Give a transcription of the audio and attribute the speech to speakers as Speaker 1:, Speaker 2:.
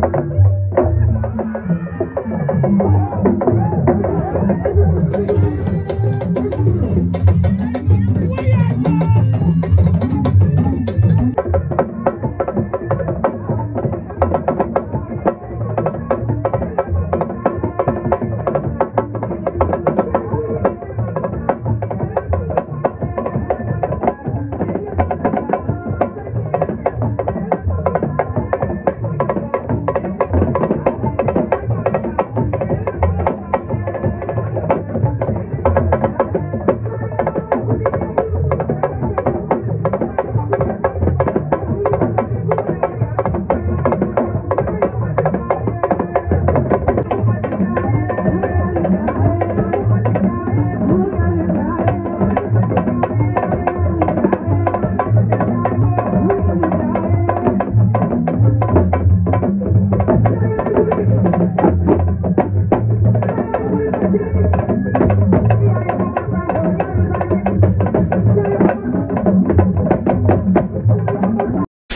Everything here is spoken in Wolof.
Speaker 1: thank you